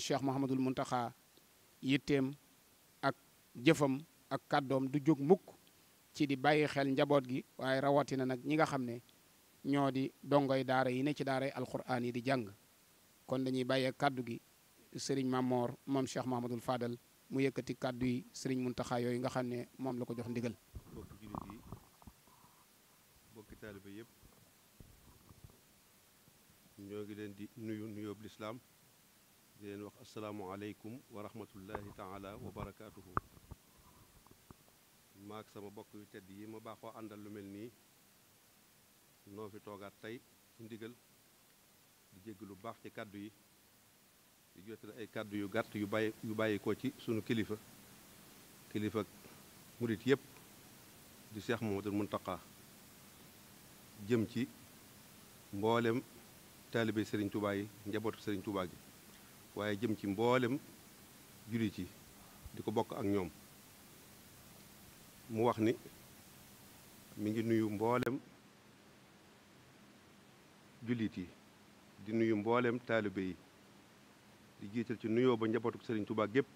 cheikh Mouhamadul Muntaxa yitteem ak jëfam ak kàddoom du jóg mukk ci di bàyyi xel njaboot gi waaye rawatina nag ñi nga xam ne ñoo di dongoy daara yi ne ci daaray alquraan yi di jàng kon dañuy bàyyee kàddu gi sëriñ Mamor moom cheikh Mouhamadul Fadal mu yëkkati kàddu yi sëriñ Muntaxa yooyu nga xam ne moom la ko jox ndigal. mbokki jullit yi leen di nuyu di leen wax asalaamualeykum wa rahmatullahi taala wa barakaatuhu maak sama bokk yu tedd yi ma baaxoo àndal lu mel nii noo fi toogaat tey ci ndigal di jégg lu baax ci kàddu yi di jottali ay kàddu yu gàtt yu bàyyi yu bàyyi ko ci sunu kilifa kilifa murit yépp di Cheikh Mouhamadoul Mountakha jëm ci mboolem taalibe Serigne Touba yi njabootu Serigne Touba gi waaye jëm ci mboolem jullit yi di ko bokk ak ñoom mu wax ni mu ngi nuyu mboolem jullit yi di nuyu mboolem taalibe yi di jiital ci nuyoo ba njabatu Sëriñ Tuubaa gépp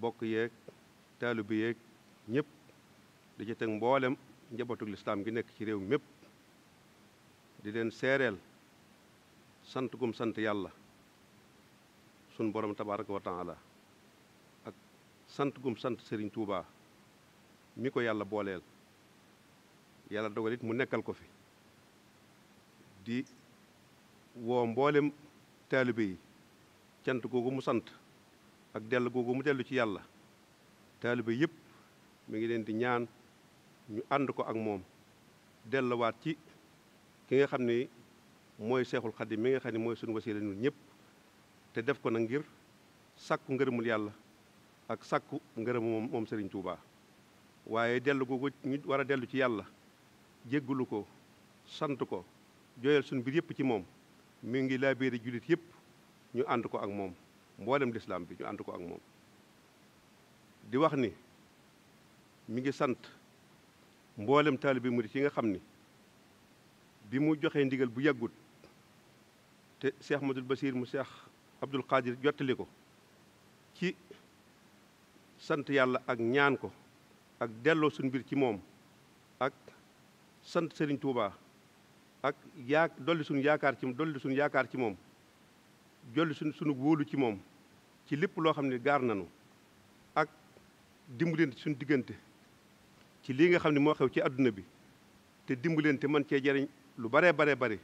bokk yeeg taalibe yeeg ñépp di ci teg mboolem njabootu lislaam gi nekk ci réew mépp di leen seereel sant gum sant yàlla sun borom tabaraka wa taala ak sant gum sant sëriñ Touba mi ko yàlla booleel yàlla dogal mu nekkal ko fi di woo mboolem taalibe yi cant googu mu sant ak dell googu mu dellu ci yàlla taalibe yëpp mu ngi leen di ñaan ñu ànd ko ak moom delluwaat ci ki nga xam ni mooy seexul xadim mi nga xam ni mooy suñu wasiila ñun ñëpp te def ko nag ngir sàkku ngërëmul yàlla ak sàkku ngërëm moom moom Serigne Touba waaye dellu googu ñu war a dellu ci yàlla jéggulu ko sant ko jooyal suñ biir yépp ci moom mi ngi laabeeri jullit yëpp ñu ànd ko ak moom mboolem lislaam bi ñu ànd ko ak moom di wax ni mi ngi sant mboolem taalibe murit ci nga xam ni bi mu joxee ndigal bu yàggut te Cheikh Ahmadou basiir mu Cheikh Abdul Qadir jottali ko ci sant yàlla ak ñaan ko ak delloo suñu mbir ci moom ak sant Serigne Touba ak yaa dolli suñu yaakaar ci dolli yaakaar ci moom jolli suñu suñu wóolu ci moom ci lépp loo xam ne gaar nañu ak dimbalante suñu diggante ci lii nga xam ne moo xew ci àdduna bi te dimbalante man cee jariñ lu baree baree bari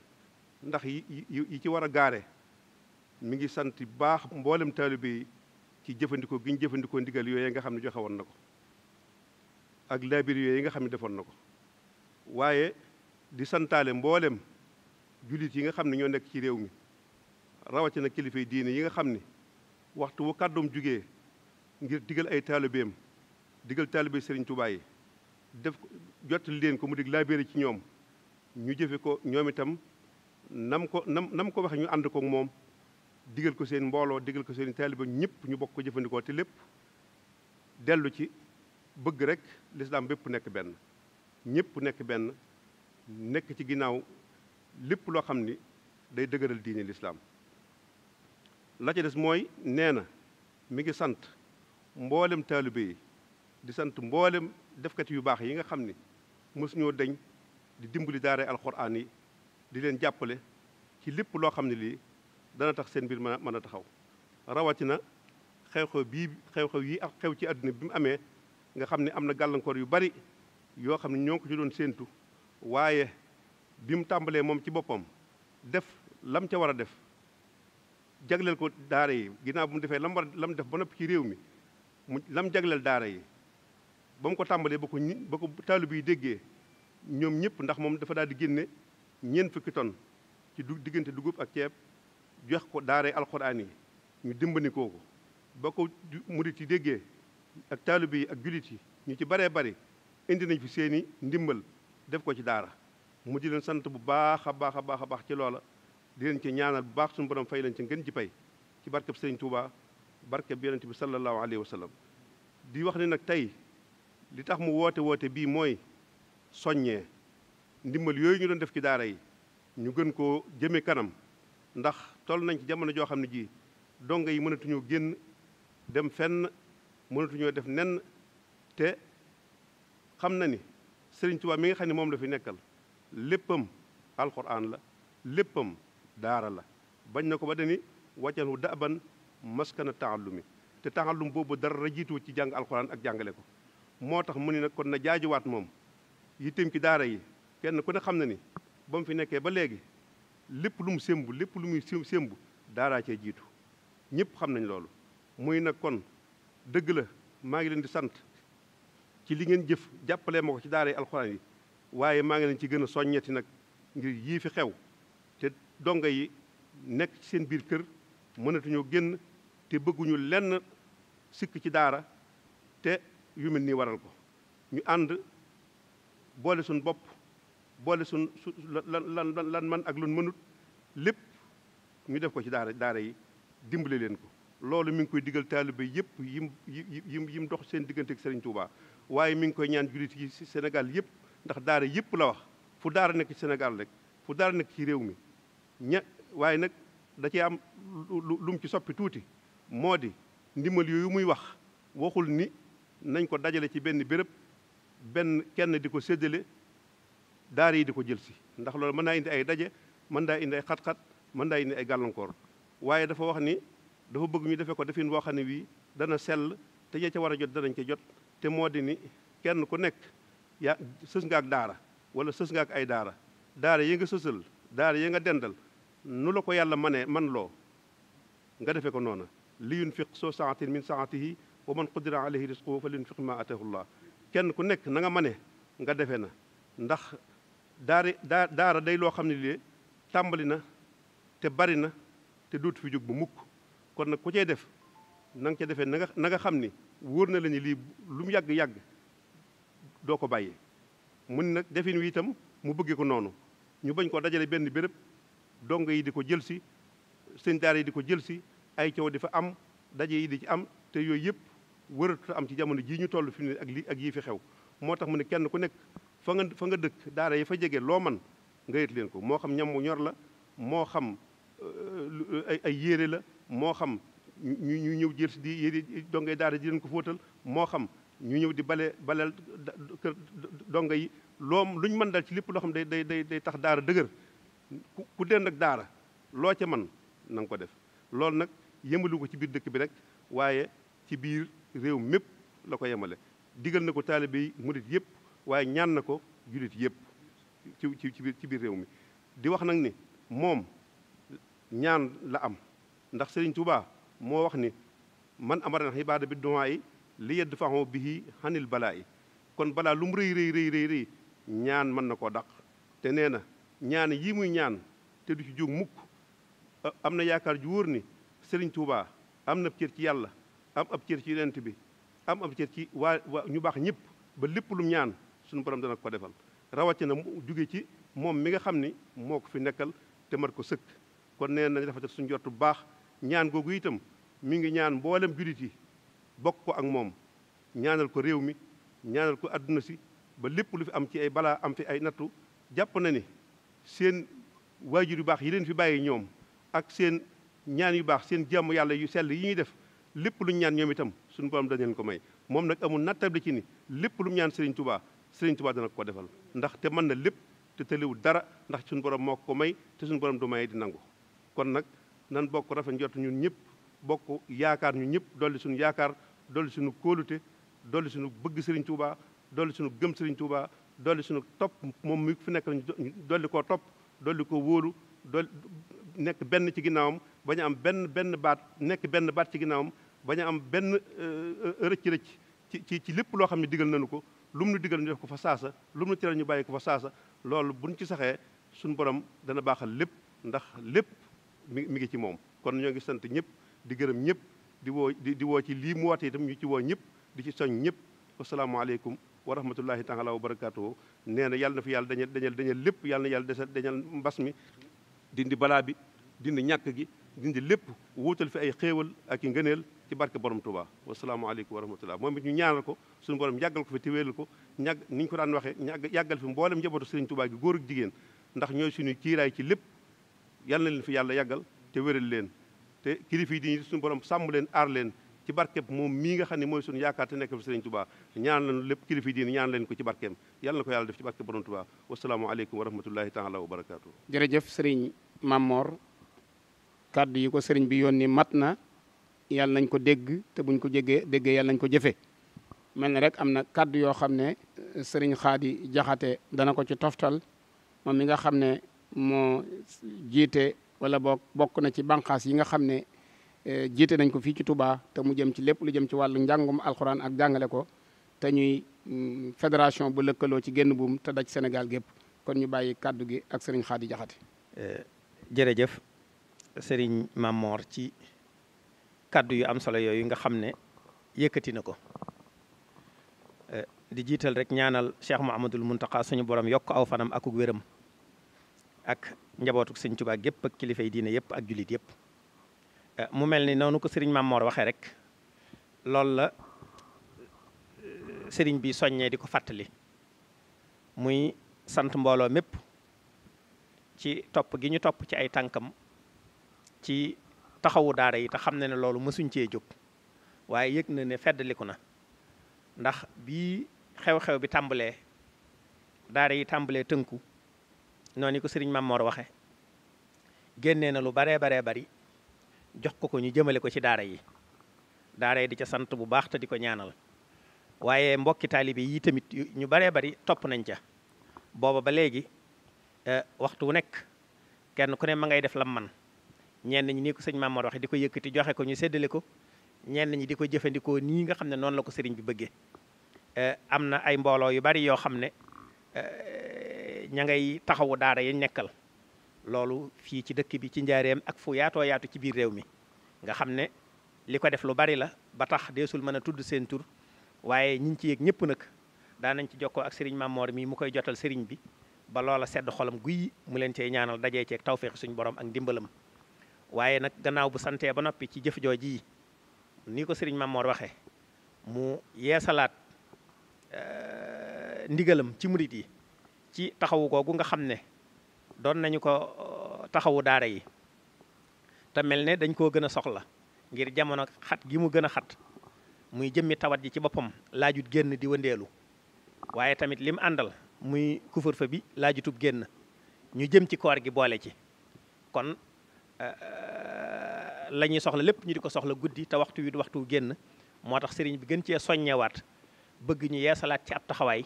ndax yi yi ci war a gaare mi ngi sant baax mboolem taalibe yi ci jëfandikoo gi ñu jëfandikoo ndigal yooyu nga xam ne joxe woon ko ak laabir yooyu nga xam ne defoon na ko waaye di santaale mboolem jullit yi nga xam ne ñoo nekk ci réew mi rawatina kilifa yi diine yi nga xam ni waxtu wu kàddoom jugee ngir digal ay taalibeem digal taalibe Serigne Touba yi def jottali leen ko mu dig laabire ci ñoom ñu jëfe ko ñoom itam nam ko nam nam ko waxe ñu ànd koog moom digal ko seen mbooloo digal ko seen taaliba ñëpp ñu bokk ko jëfandikoo te lépp dellu ci bëgg rek lislaam bépp nekk benn ñëpp nekk benn nekk ci ginnaaw lépp loo xam ni day dëgëral diine lislaam la ca des mooy nee na mi ngi sant mboolem taalibe yi di sant mboolem defkati yu baax yi nga xam ni mësuñoo deñ di dimbali daara alxuraan yi di leen jàppale ci lépp loo xam ne lii dana tax seen mbir mën a a taxaw rawatina xew-xew bii xew yii ak xew ci àdduna bi mu amee nga xam ne am na gàllankoor yu bari yoo xam ne ñoo ko ci doon séentu waaye bi mu tàmbalee moom ci boppam def lam ca war a def jagleel ko daara yi ginnaaw bu mu defee lam def ba noppi ci réew mi mu lam jagleel daara yi ba mu ko tàmbalee ba ko ñi ba ko taalib yi déggee ñoom ñëpp ndax moom dafa daal di génne ñeent fukki tonnes ci diggante dugub ak ceeb jox ko daaray alxuraan yi ñu dimbali kooku ba ko murit yi déggee ak taalibe yi ak jullit yi ñu ci baree bari indi nañ fi seeni ndimbal def ko ci daara mu di leen sant bu baax a baax a baax a baax ci loola di leen ci ñaanal bu baax suñu borom fay leen ci ngeen ci pay ci barkeb sëriñ Touba barkeb yonent bi sallallahu alayhi wa sallam di wax ne nag tey li tax mu woote woote bii mooy soññee ndimbal yooyu ñu doon def ci daara yi ñu gën koo jëme kanam ndax toll nañ ci jamono joo xam ne jii donga yi mënatuñoo génn dem fenn mënatuñoo def nenn te xam na ni Sëriñ Tuubaa mi nga xam ne moom la fi nekkal léppam alxuraan la léppam daara la bañ na ko ba dani wàccanwu daban maskana taallumi te taallum boobu dara jiituwu ci jàng alxuraan ak jàngale ko moo tax mu ni nag kon na jaajowaat moom yitteem ci daara yi kenn ku ne xam na ni ba mu fi nekkee ba léegi lépp lu mu sémb lépp lu muy sémb daaraa cee jiitu ñëpp xam nañ loolu muy nag kon dëgg la maa ngi leen di sant ci li ngeen jëf jàppalee ma ko ci daara yi alxuraan yi waaye maa ngi leen ci gën a soññeti nag ngir yii fi xew te dongo yi nekk ci seen biir kër mënatuñoo génn te bëgguñu lenn sikk ci daara te yu mel nii waral ko ñu ànd boole suñu bopp boole suñ su lan lan lan man ak lun mënut lépp ñu def ko ci daara daara yi dimbale leen ko loolu mu ngi koy digal taalibe yëpp yim yim yim dox seen diggante ak Serigne waaye mi ngi koy ñaan jullit yi ci Sénégal yëpp ndax daara yëpp la wax fu daara nekk ci Sénégal rek fu daara nekk ci réew mi ña waaye nag da cee am lu mu ci soppi tuuti moo di ndimbal yooyu muy wax waxul ni nañ ko dajale ci benn béréb benn kenn di ko séddale daara yi di ko jël si ndax loolu mën naa indi ay daje man naa indi ay xat-xat mën naa indi ay gàllankoor waaye dafa wax ni dafa bëgg ñu defee ko defin boo xam ne wii dana sell te ña ca war a jot danañ ca jot te moo di ni kenn ku nekk yaa sës nga ak daara wala sës nga ak ay daara daara yi nga sësal daara yi nga dendal nu la ko yàlla manee man loo nga defee ko noona li yunfiq soo saatin min saatihi wa man qudira alayhi risquhu fa li yunfiq ma ataahu llah kenn ku nekk na nga mane nga defee na daara daa daara day loo xam ne lii tàmbali na te bari na te duut fi jóg bu mukk kon nag ku cee def nanga nga ca defee na xam ni wóor na la lii lu mu yàgg-yàgg doo ko bàyyee mu ni nag defin wi itam mu bëggee ko noonu ñu bañ ko dajale benn béréb dongo yi di ko jël si sëñ daara yi di ko jël si ay coow di fa am daje yi di ci am te yooyu yëpp wëratu am ci jamono jii ñu toll fi mu ak lii ak yii fi xew moo tax mu ne kenn ku nekk fa nga fa nga dëkk daara yi fa jege loo man nga yët leen ko moo xam ñam mu ñor la moo xam euh, ay ay yére la moo xam ñu ñu ñëw jël si di yére dongay daara di leen ko fóotal moo xam ñu ñëw di bale baleel kër donga yi loom lu ñu mën dal ci lépp loo xam day day day day tax daara dëgër ku dend ak daara loo ca man na ko def loolu nag yemalu ko ci biir dëkk bi rek waaye ci biir réew mépp la ko yemale digal na ko taalibe yi murit yëpp waaye ñaan na ko julit yëpp ci ci ci biir réew mi di wax nag ni moom ñaan la am ndax Serigne Touba moo wax ni man amara na ibaada bi dumaa yi li yedd faxon bihi xanil balaa yi kon balaa lu mu rëy rëy rëy rëy ñaan mën na koo daq te nee na ñaan yi muy ñaan te du ci jóg mukk am na yaakaar ju wóor ni Serigne Touba am na cër ci yàlla am ab cër ci yonent bi am ab cër ci waa ñu baax ñépp ba lépp lum ñaan suñu borom dana ko defal rawatina mu juge ci moom mi nga xam ni moo ko fi nekkal te mat ko sëkk kon nee nañ rafetal suñu jot bu baax ñaan googu itam mi ngi ñaan mboolem jullit yi bokk ko ak moom ñaanal ko réew mi ñaanal ko àdduna si ba lépp lu fi am ci ay balaa am fi ay nattu jàpp na ni seen waajur yu baax yi leen fi bàyyi ñoom ak seen ñaan yu baax seen jàmm yàlla yu sell yi ñuy def lépp lu ñaan ñoom itam suñu borom dañ leen ko may moom nag amul nattable ci ni lépp lu mu ñaan Serigne Touba Sëriñ Tuubaa dana ko defal ndax te mën na lépp te tëliwul dara ndax suñu borom moo ko may te suñu borom du may di nangu kon nag nan bokk rafet njort ñun ñëpp bokk yaakaar ñun ñëpp dolli suñu yaakaar dolli suñu kóolute dolli sunu bëgg Sëriñ Tuubaa dolli suñu gëm Sëriñ Tuubaa dolli suñu topp moom mi fu nekk dolli koo topp dolli ko wóolu dolli nekk benn ci ginnaawam bañu am benn benn baat nekk benn baat ci ginnaawam bañu am benn euh, euh, rëcc-rëcc ci ci ci lépp loo xam ne digal nañu ko lu mu nu digal ñu def ko fa saasa lu mu nu tere ñu bàyyi ko fa saasa loolu bu buñ ci saxee suñu borom dana baaxal lépp ndax lépp mi mi ngi ci moom kon ñoo ngi sant ñëpp di gërëm ñëpp di woo di woo ci lii mu woote itam ñu ci woo ñëpp di ci soñ ñëpp asalaamaaleykum wa rahmatullahi taala wa barakaatuhu nee na yàlla na fi yàlla dañal dañal dañal lépp yàlla na yàlla desal dañal mbas mi dindi balaa bi dindi ñàkk gi dindi lépp wuutal fi ay xéewal ak i ngëneel ci barke borom Touba wasalaamaaleykum wa rahmatullah moom it ñu ñaanal ko suñu borom yàggal ko fi te wéeral ko ñàgg ni ko daan waxe ñàgg yàggal fi mboolem njabootu Serigne tubaa gi góor jigéen ndax ñooy suñu kiiraay ci lépp yal na leen fi yàlla yàggal te wéral leen te kilifa yi di suñu borom sàmm leen aar leen ci barkeem moom mii nga xam ne mooy sunu yaakaar te nekk fi Serigne Touba ñaan leen lépp kilifa yi diine ñaan leen ko ci barkeem yàlla na ko yàlla def ci barke borom Touba wasalaamaaleykum wa rahmatullahi taala wa barakaatu jërëjëf Serigne Mamor kaddu yi ko Serigne bi yónni mat na yàlla nañ ko dégg te buñ ko jéggee déggee yàlla nañ ko jëfee mel na rek am na kàddu yoo xam ne eh, sëriñ Xaadi Jaxate dana ko ci toftal moom mi nga xam ne moo jiite wala boo bokk na ci bànqaas yi nga xam ne eh, jiite nañ ko fii ci tubaa te mu jëm ci lépp lu jëm ci wàllu njàngum alxuraan ak jàngale ko te ñuy mm, fédération bu lëkkaloo ci génn buum te daj Sénégal gépp kon ñu bàyyi kàddu gi ak sëriñ Xaadi Jaxate eh, jërëjëf sëriñ mamoor ci kàddu yu am solo yooyu nga xam ne yëkkati na ko eh, di jiital rek ñaanal Cheikh Mouhamadul Mountakha suñu boroom yokk aw fanam akuk wéram ak njabootuk sëñ Tuubaa gépp ak kilifa yi diine yëpp ak jullit yépp eh, mu mel ni noonu ko sëriñ Mamor waxee rek loolu la eh, sëriñ bi soññee di ko fàttali muy sant mbooloo mépp ci topp gi ñu topp ci ay tànkam ci taxawu daara yi te xam na ne loolu mësuñ cee jóg waaye yëg na ne feddaliku na ndax bii xew-xew bi tàmbalee daara yi tàmbalee tënku noonu ko sëriñ Mamor waxe génnee na lu baree baree bari jox ko ko ñu jëmale ko ci daara yi daara yi di ca sant bu baax te di ko ñaanal waaye mbokki taalibe yi tamit ñu baree bari topp nañ ca booba ba léegi eh, waxtu wu nekk kenn ku ne ma ngay def lam man ñenn ñi nii ko sëñ Mamor waxe di ko yëkkati joxe ko ñu séddale ko ñenn ñi di ko jëfandikoo nii nga xam ne noonu la ko sëriñ bi bëggee eh, am na ay mbooloo yu bari yoo xam ne eh, ña ngay taxawu daara yi nekkal loolu fii ci dëkk bi ci njaareem ak fu yaatoo yaatu ci biir réew mi nga xam ne li ko def lu bari la ba tax deesul mën a tudd seen tur waaye ñi ci yëg ñëpp nag nañ ci jokkoo ak sëriñ Mamor mii mu koy jotal sëriñ bi ba loola sedd xolam guy mu leen cee ñaanal dajee ceeg tawféexi suñu borom ak ndimbalam waaye nag gannaaw bu santee ba noppi ci jëf jooji yi ni ko sëriñ Mamor waxee mu yeesalaat eh, ndigalam ci murit yi ci taxawu googu nga xam ne doon nañu ko eh, taxawu daara yi te mel ne dañ koo gën a soxla ngir jamono xat gi mu gën a xat muy jëmmi tawat ji ci boppam laajut génn di wëndeelu waaye tamit lim àndal muy kufur fa bi laajutub génn ñu jëm ci koor gi boole ci kon Euh, la ñuy soxla lépp ñu di ko soxla guddi te waxtu wi du waxtu génn moo tax sëriñ bi gën cee soññewaat bëgg ñu yeesalaat ci ab taxawaay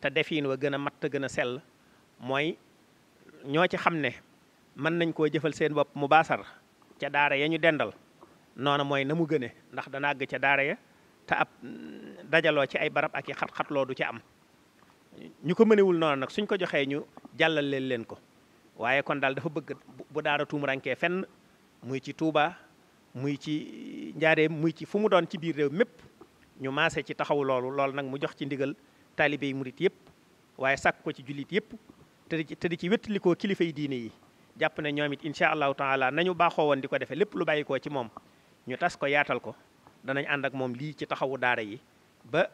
te defiin wa gën a mat gën a sell mooy ñoo ci xam ne mën nañ koo jëfal seen bopp mu baasar ca daara ya ñu dendal noona mooy na mu gëne ndax dana agg ca daara ya te ab mm, dajaloo ci ay barab ak i xat-xatloo du ci am ñu ko mënewul noonu nag suñ ko joxee ñu jàllal leen leen ko waaye kon daal dafa bëgg bu daara tuumurankee fenn muy ci tuubaa muy ci njaareem muy ci fu mu doon ci biir réew mépp ñu maase ci taxaw loolu lool nag mu jox ci ndigal taalibe yi murit yëpp waaye sàkk ko ci jullit yëpp te di ci wéttalikoo kilifa yi diine yi jàpp ne ñoom it incha allahu taala nañu baaxoo woon di ko defee lépp lu bàyyi koo ci moom ñu tas ko yaatal ko danañ ànd ak moom lii ci taxawu daara yi ba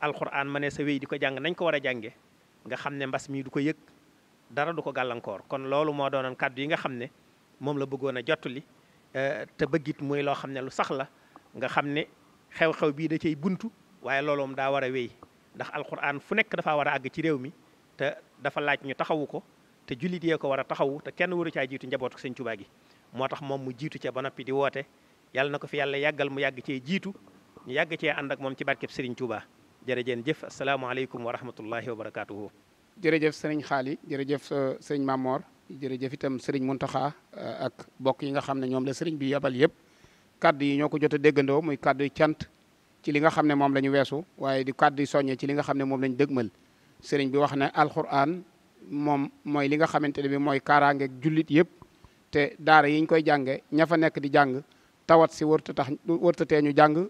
alquran ma ne sa wéy di ko jàng nañ ko war a jànge nga xam ne mbas mi du ko yëg dara du ko gàllankoor kon loolu moo doonoon kàddu yi nga xam ne moom la bëggoon a jottali euh, te bëggit muy loo xam ne lu sax la nga xam ne xew-xew bii da cey buntu waaye looloom daa war a wéy ndax alquran fu nekk dafaa war a àgg ci réew mi te dafa laaj ñu taxawu ko te jullit yee ko war a taxawu te kenn waru caa jiitu njabootu sëñ Tuubaa gi moo tax moom mu jiitu ca ba noppi di woote yàlla na ko fi yàlla yàggal mu yàgg cee jiitu ñu yàgg cee ànd ak moom ci barkeb Sëriñ Tuubaa jërëjeen jëf asalaamaaleykum wa rahmatullahi wa barakaatuhu jërëjëf sëriñ Xaali jërëjëf euh, sëriñ Mamor jërëjëf itam sëriñ Muntaxa euh, ak bokk yi nga xam ne ñoom la sëriñ bi yabal yëpp kadd yi ñoo ko jot a déggandoo muy kaddu yi cant ci li nga xam ne moom la weesu waaye di kaddu yi soññe ci li nga xam ne moom la dëgmal sëriñ bi wax ne alxuraan moom mooy li nga xamante ne bi mooy kaaraangeeg jullit yëpp te daara yi ñu koy jànge ña fa nekk di jàng tawat si warta tax wartatee ñu jàng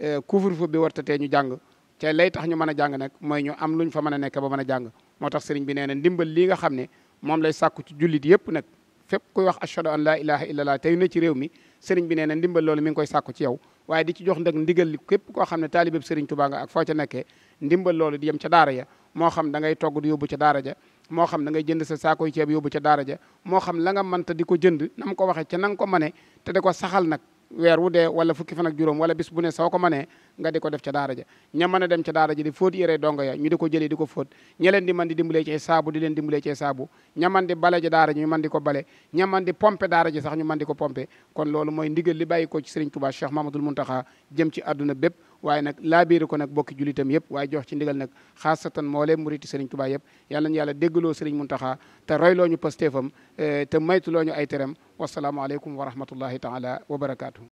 euh, couvre-feu bi wartatee ñu jàng te lay tax ñu mën a jàng nag mooy ñu am luñ fa mën a nekk ba mën a jàng moo tax sëriñ bi nee na ndimbal lii nga xam ne moom lay sàkku ci jullit yëpp nag fépp koy wax ashhadu an laa ilaha illallah tey ne ci réew mi sëriñ bi nee na ndimbal loolu mi ngi koy sàkku ci yow waaye di ci jox ndag ndigal li képp koo xam ne taalibeb sëriñ Tuubaa nga ak foo ca nekkee ndimbal loolu di yem ca daara ya moo xam da ngay togg yóbbu ca daara ja moo xam da ngay jënd sa saakoy ceeb yóbbu ca daara ja moo xam la nga mënta di ko jënd na ko waxee ca na ko mëne te da ko saxal nag weer wu dee wala fukki fan ak juróom wala bis bu ne soo ko mënee nga di ko def ca daara ja ña mën a dem ca daara ja di fóot yére dongo ya ñu di ko jëlee di ko fóot ña leen di man di dimbalee ci saabu di leen dimbalee ci saabu ña man di bale ja daara ji ñu man ko bale ña man di pompe daara ji sax ñu man di ko pompe kon loolu mooy digal li bàyyi ko ci Serigne Touba Cheikh Mamadou Mountakha jëm ci àdduna bépp waaye nag laabiiri ko nag bokki julitam yëpp waaye jox ci ndigal nag xaasatan moolee muriti Serigne Touba yëpp yàlla nañu yàlla déggaloo Serigne Mountakha te royloo ñu pastéefam eh, te maytuloo ñu ay teram wasalaamaaleykum wa rahmatullahi taala wa barakaatu